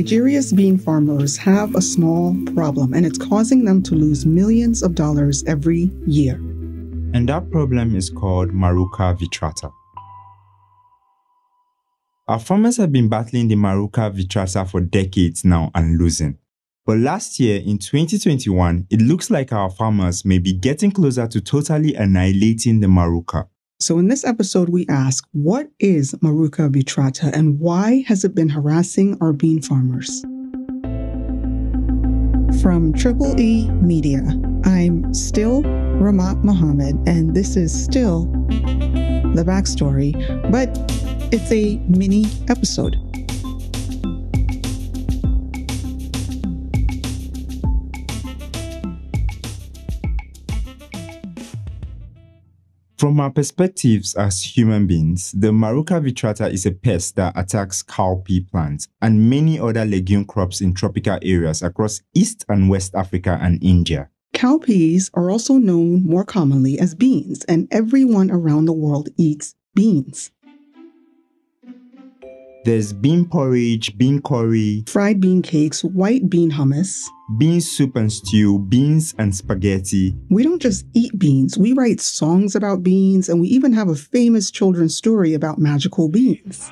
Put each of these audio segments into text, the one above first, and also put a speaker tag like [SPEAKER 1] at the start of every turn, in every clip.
[SPEAKER 1] Nigeria's bean farmers have a small problem, and it's causing them to lose millions of dollars every year.
[SPEAKER 2] And that problem is called Maruca vitrata. Our farmers have been battling the Maruca vitrata for decades now and losing. But last year, in 2021, it looks like our farmers may be getting closer to totally annihilating the Maruca. So,
[SPEAKER 1] in this episode, we ask what is Maruca vitrata and why has it been harassing our bean farmers? From Triple E Media, I'm still Ramat Mohammed, and this is still the backstory, but it's a mini episode.
[SPEAKER 2] From our perspectives as human beings, the Maruca vitrata is a pest that attacks cowpea plants and many other legume crops in tropical areas across East and West Africa and India.
[SPEAKER 1] Cowpeas are also known more commonly as beans, and everyone around the world eats
[SPEAKER 2] beans. There's bean porridge, bean curry, fried bean cakes, white bean hummus, bean soup and stew, beans and spaghetti.
[SPEAKER 1] We don't just eat beans, we write songs about beans, and we even have a famous children's story about magical beans.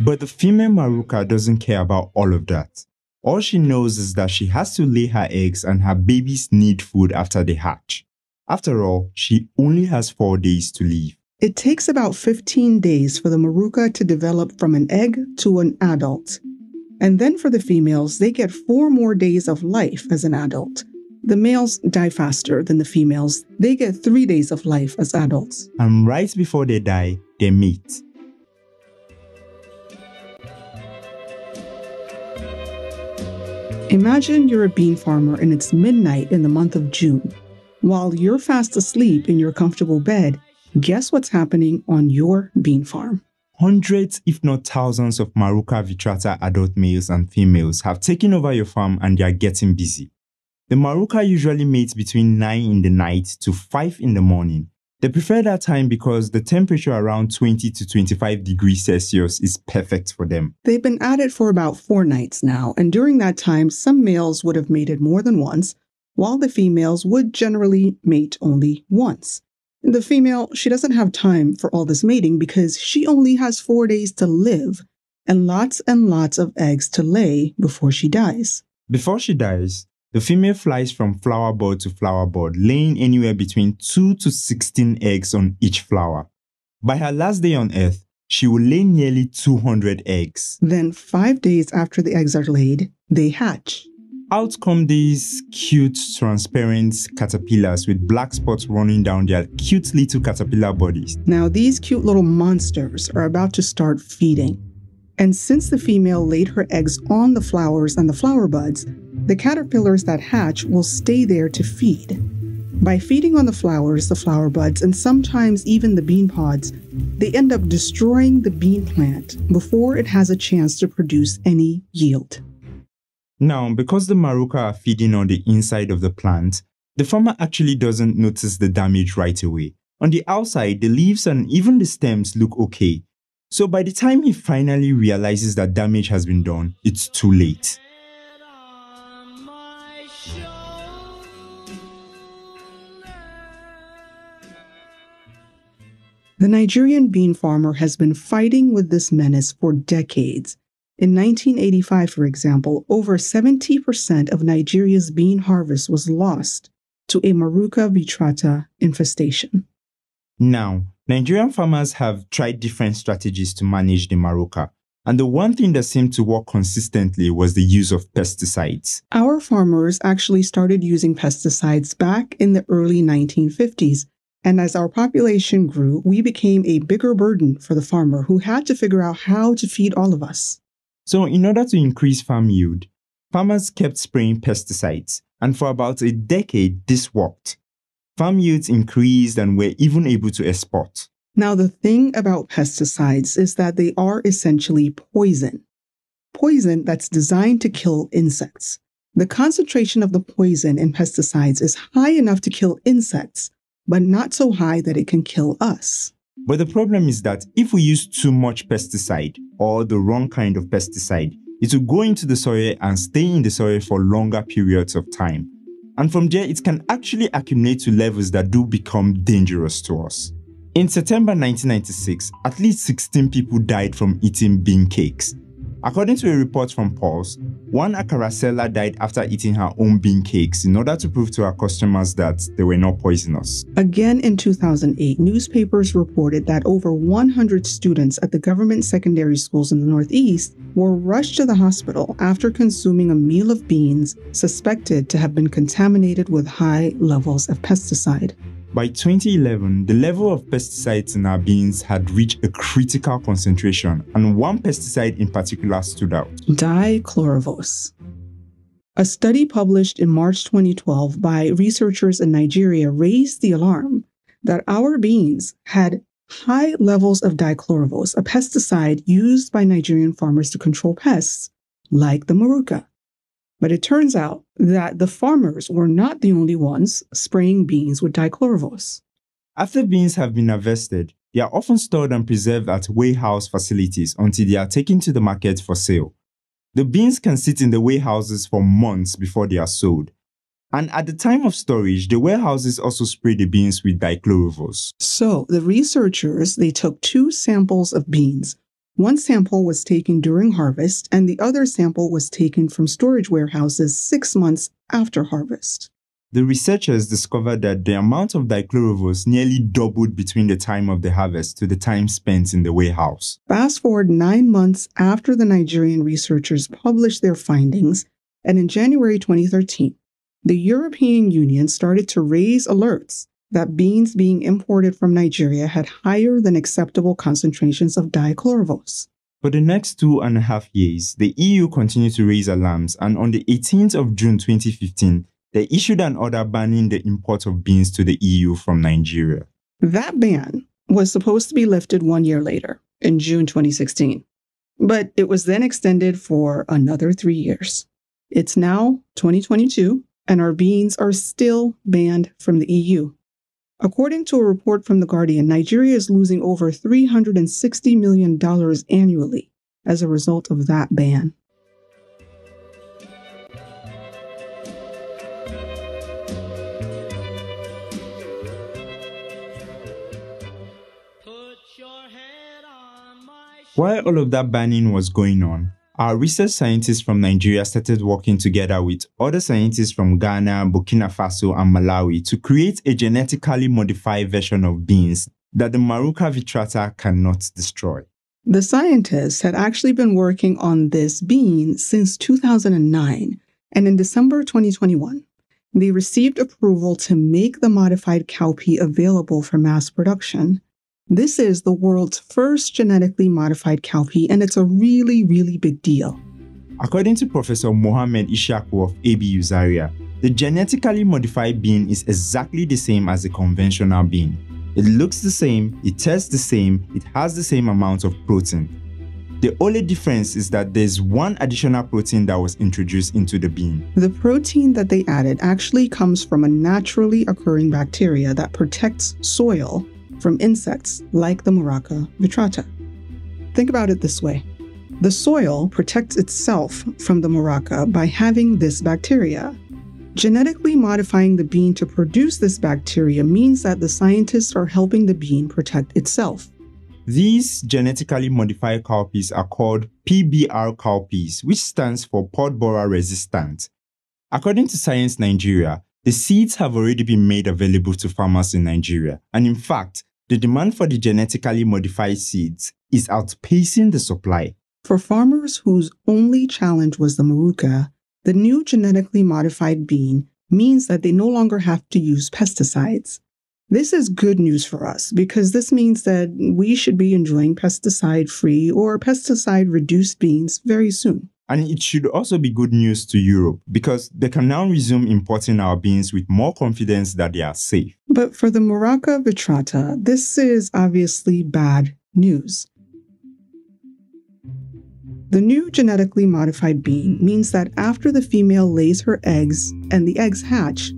[SPEAKER 2] But the female Maruka doesn't care about all of that. All she knows is that she has to lay her eggs and her babies need food after they hatch. After all, she only has four days to live. It takes about 15
[SPEAKER 1] days for the maruca to develop from an egg to an adult. And then for the females, they get four more days of life as an adult. The males die faster than the females. They get three days of life as adults.
[SPEAKER 2] And right before they die, they meet.
[SPEAKER 1] Imagine you're a bean farmer and it's midnight in the month of June. While you're fast asleep in your comfortable bed, Guess what's happening on your bean farm?
[SPEAKER 2] Hundreds, if not thousands, of Maruca vitrata adult males and females have taken over your farm and they are getting busy. The Maruca usually mates between 9 in the night to 5 in the morning. They prefer that time because the temperature around 20 to 25 degrees Celsius is perfect for them.
[SPEAKER 1] They've been at it for about four nights now, and during that time, some males would have mated more than once, while the females would generally mate only once. The female, she doesn't have time for all this mating because she only has four days to live and lots and lots of eggs to lay before she dies.
[SPEAKER 2] Before she dies, the female flies from flower bud to flower bud, laying anywhere between 2 to 16 eggs on each flower. By her last day on Earth, she will lay nearly 200 eggs.
[SPEAKER 1] Then, five days after the eggs are laid, they hatch.
[SPEAKER 2] Out come these cute, transparent caterpillars with black spots running down their cute little caterpillar bodies.
[SPEAKER 1] Now, these cute little monsters are about to start feeding. And since the female laid her eggs on the flowers and the flower buds, the caterpillars that hatch will stay there to feed. By feeding on the flowers, the flower buds, and sometimes even the bean pods, they end up destroying the bean plant before it has a chance to produce any yield.
[SPEAKER 2] Now, because the maruca are feeding on the inside of the plant, the farmer actually doesn't notice the damage right away. On the outside, the leaves and even the stems look okay. So by the time he finally realizes that damage has been done, it's too late.
[SPEAKER 1] The Nigerian bean farmer has been fighting with this menace for decades in 1985, for example, over 70% of Nigeria's bean harvest was lost to a Maruca vitrata infestation.
[SPEAKER 2] Now, Nigerian farmers have tried different strategies to manage the Maruca, and the one thing that seemed to work consistently was the use of pesticides.
[SPEAKER 1] Our farmers actually started using pesticides back in the early 1950s. And as our population grew, we became a bigger burden for the farmer who had to figure out how to feed all of us.
[SPEAKER 2] So, in order to increase farm yield, farmers kept spraying pesticides, and for about a decade, this worked. Farm yields increased and were even able to export.
[SPEAKER 1] Now, the thing about pesticides is that they are essentially poison. Poison that's designed to kill insects. The concentration of the poison in pesticides is high enough to kill insects, but not so high that it can kill us.
[SPEAKER 2] But the problem is that if we use too much pesticide or the wrong kind of pesticide, it will go into the soil and stay in the soil for longer periods of time. And from there, it can actually accumulate to levels that do become dangerous to us. In September 1996, at least 16 people died from eating bean cakes. According to a report from Pulse, one Akara seller died after eating her own bean cakes in order to prove to her customers that they were not poisonous.
[SPEAKER 1] Again in 2008, newspapers reported that over 100 students at the government secondary schools in the Northeast were rushed to the hospital after consuming a meal of beans suspected to have been contaminated with high levels of pesticide.
[SPEAKER 2] By 2011, the level of pesticides in our beans had reached a critical concentration, and one pesticide in particular stood out dichlorovos.
[SPEAKER 1] A study published in March 2012 by researchers in Nigeria raised the alarm that our beans had high levels of dichlorovos, a pesticide used by Nigerian farmers to control pests like the maruca. But it turns out that the farmers were not the only ones spraying beans with dichlorvos.
[SPEAKER 2] After beans have been harvested, they are often stored and preserved at warehouse facilities until they are taken to the market for sale. The beans can sit in the warehouses for months before they are sold. And at the time of storage, the warehouses also spray the beans with dichlorvos.
[SPEAKER 1] So the researchers, they took two samples of beans one sample was taken during harvest, and the other sample was taken from storage warehouses six months after harvest.
[SPEAKER 2] The researchers discovered that the amount of dichlorovoz nearly doubled between the time of the harvest to the time spent in the warehouse.
[SPEAKER 1] Fast forward nine months after the Nigerian researchers published their findings, and in January 2013, the European Union started to raise alerts that beans being imported from Nigeria had higher than acceptable concentrations of dichlorovose.
[SPEAKER 2] For the next two and a half years, the EU continued to raise alarms, and on the 18th of June 2015, they issued an order banning the import of beans to the EU from Nigeria.
[SPEAKER 1] That ban was supposed to be lifted one year later, in June 2016, but it was then extended for another three years. It's now 2022, and our beans are still banned from the EU. According to a report from The Guardian, Nigeria is losing over $360 million annually as a result of that ban.
[SPEAKER 2] While all of that banning was going on, our research scientists from Nigeria started working together with other scientists from Ghana, Burkina Faso, and Malawi to create a genetically modified version of beans that the Maruca vitrata cannot destroy.
[SPEAKER 1] The scientists had actually been working on this bean since 2009, and in December 2021, they received approval to make the modified cowpea available for mass production this is the world's first genetically modified
[SPEAKER 2] cowpea, and it's a really, really big deal. According to Professor Mohamed Ishaku of ABU Zaria, the genetically modified bean is exactly the same as a conventional bean. It looks the same, it tastes the same, it has the same amount of protein. The only difference is that there's one additional protein that was introduced into the bean.
[SPEAKER 1] The protein that they added actually comes from a naturally occurring bacteria that protects soil from insects like the Muraca vitrata. Think about it this way the soil protects itself from the Muraca by having this bacteria. Genetically modifying the bean to produce this bacteria means that the scientists are helping the bean protect itself.
[SPEAKER 2] These genetically modified cowpeas are called PBR cowpeas, which stands for pod borer resistant. According to Science Nigeria, the seeds have already been made available to farmers in Nigeria, and in fact, the demand for the genetically modified seeds is outpacing the supply.
[SPEAKER 1] For farmers whose only challenge was the maruka, the new genetically modified bean means that they no longer have to use pesticides. This is good news for us because this means that we should be enjoying pesticide free or
[SPEAKER 2] pesticide reduced beans very soon. And it should also be good news to Europe because they can now resume importing our beans with more confidence that they are safe.
[SPEAKER 1] But for the Moraca vitrata, this is obviously bad news. The new genetically modified bean means that after the female lays her eggs and the eggs hatch,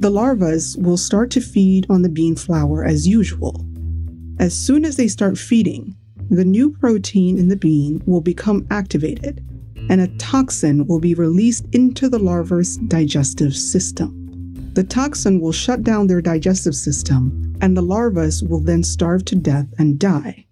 [SPEAKER 1] the larvae will start to feed on the bean flower as usual. As soon as they start feeding, the new protein in the bean will become activated, and a toxin will be released into the larva's digestive system. The toxin will shut down their digestive system, and the larvas will then starve to death and die.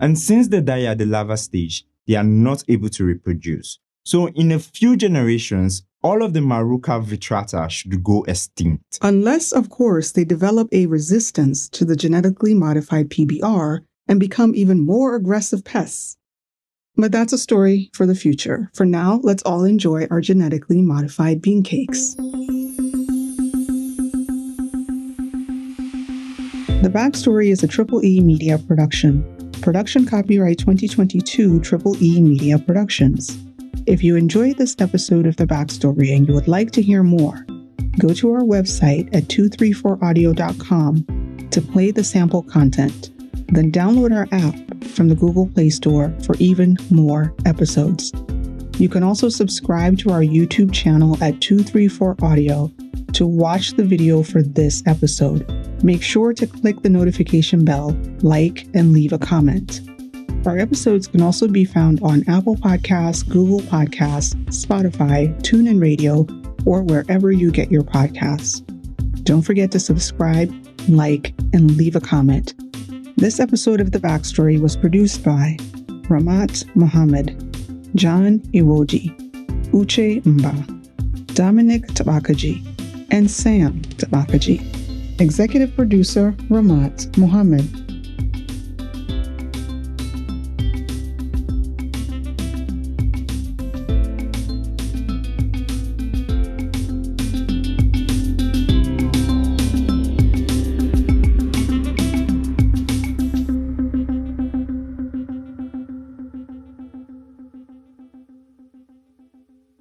[SPEAKER 2] And since they die at the larva stage, they are not able to reproduce. So, in a few generations, all of the Maruca vitrata should go extinct. Unless, of course,
[SPEAKER 1] they develop a resistance to the genetically modified PBR and become even more aggressive pests. But that's a story for the future. For now, let's all enjoy our genetically modified bean cakes. The Backstory is a Triple E Media production. Production copyright 2022 Triple E Media Productions. If you enjoyed this episode of The Backstory and you would like to hear more, go to our website at 234audio.com to play the sample content. Then download our app from the Google Play Store for even more episodes. You can also subscribe to our YouTube channel at 234 Audio to watch the video for this episode. Make sure to click the notification bell, like, and leave a comment. Our episodes can also be found on Apple Podcasts, Google Podcasts, Spotify, TuneIn Radio, or wherever you get your podcasts. Don't forget to subscribe, like, and leave a comment. This episode of The Backstory was produced by Ramat Mohammed, John Iwoji, Uche Mba, Dominic Tabakaji, and Sam Tabakaji. Executive producer Ramat Mohammed.